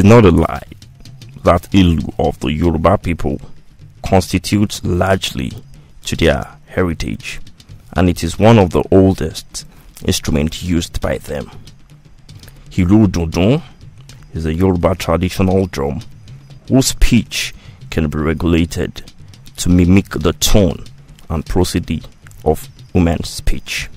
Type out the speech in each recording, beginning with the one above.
is not a lie that Ilu of the Yoruba people constitutes largely to their heritage, and it is one of the oldest instruments used by them. Hiru Dundun is a Yoruba traditional drum whose pitch can be regulated to mimic the tone and prosody of woman's speech.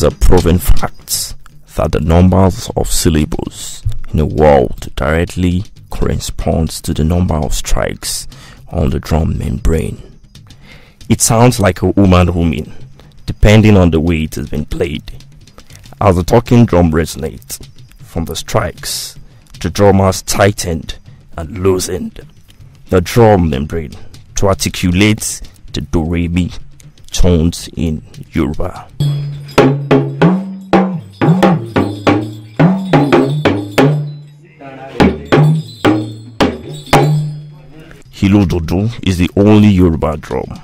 is a proven fact that the numbers of syllables in a word directly corresponds to the number of strikes on the drum membrane. It sounds like a woman humming, depending on the way it has been played. As the talking drum resonates from the strikes, the drum has tightened and loosened the drum membrane to articulate the doremi tones in Yoruba. Hilododo is the only Yoruba drum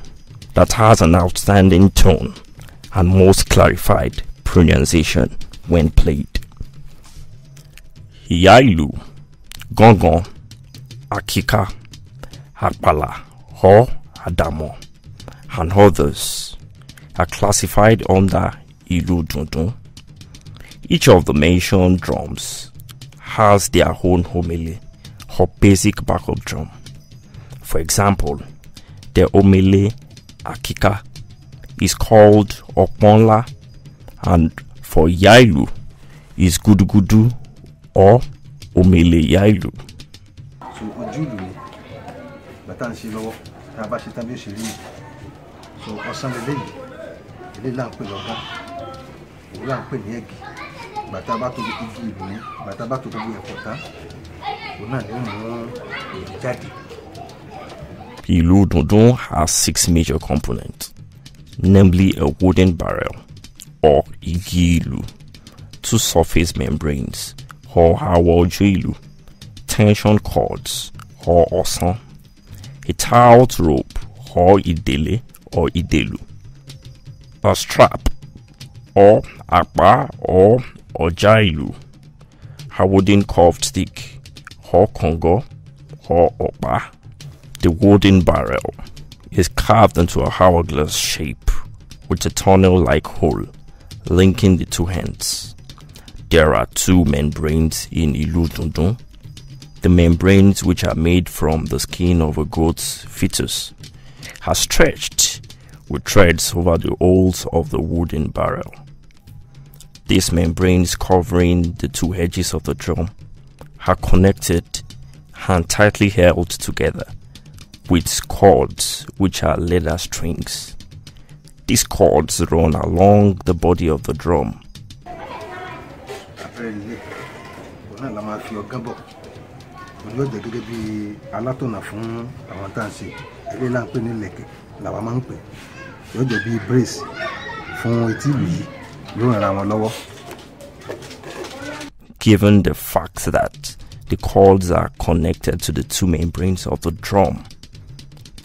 that has an outstanding tone and most clarified pronunciation when played. Yailu, Gongon, Akika, harpala, Ho, Adamo, and others are classified under Iludundun. Each of the mentioned drums has their own homily or basic backup drum. For example, the Omele Akika is called Oponla and for Yailu is Gudugudu or Omele Yailu. So ojúlù ni bàtà ń ṣe lọ́wọ́ tá a bá ṣe tán bí ó ṣe rí mi. So ọ̀sán eléyìí eléyìí là ń pè lọ́gá òun là ń pè ní ẹ̀gì bàtà bá tó igi ìlú bàtà bá tó gbogbo ẹ̀kọ́ tán òun náà ni ó mú èrè jáde. Ilu Dodo has six major components, namely a wooden barrel or Igilu, two surface membranes or Hawajilu, tension cords or Osan, a tiled rope or Idele or Idelu, a strap or apa or Ojailu, a wooden curved stick or Congo or Opa the wooden barrel is carved into a hourglass shape with a tunnel-like hole linking the two hands. There are two membranes in Iludundun. The membranes, which are made from the skin of a goat's fetus, are stretched with threads over the holes of the wooden barrel. These membranes covering the two edges of the drum are connected and tightly held together with cords, which are leather strings. These cords run along the body of the drum. Given the fact that the cords are connected to the two membranes of the drum,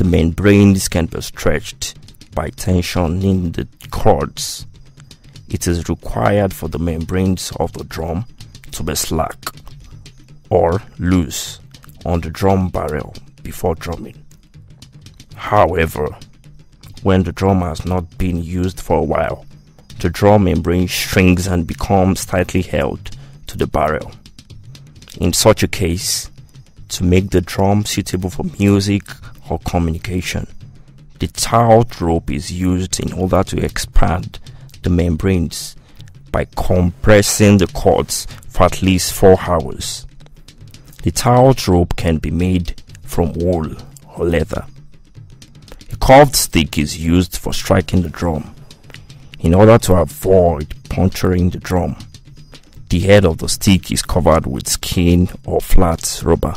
the membranes can be stretched by tensioning the cords. It is required for the membranes of the drum to be slack or loose on the drum barrel before drumming. However, when the drum has not been used for a while, the drum membrane shrinks and becomes tightly held to the barrel. In such a case, to make the drum suitable for music or communication. The taut rope is used in order to expand the membranes by compressing the cords for at least 4 hours. The taut rope can be made from wool or leather. A curved stick is used for striking the drum in order to avoid puncturing the drum. The head of the stick is covered with skin or flat rubber.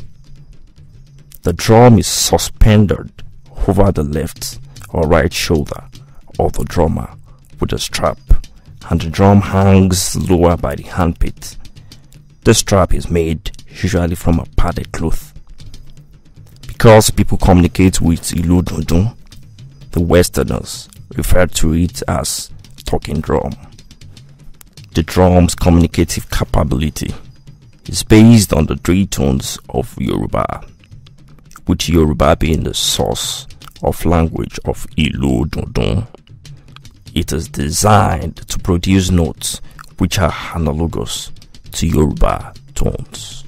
The drum is suspended over the left or right shoulder of the drummer with a strap, and the drum hangs lower by the handpit. The strap is made usually from a padded cloth. Because people communicate with Iludundun, the Westerners refer to it as talking drum. The drum's communicative capability is based on the three tones of Yoruba with Yoruba being the source of language of Ilu Dundun. It is designed to produce notes which are analogous to Yoruba tones.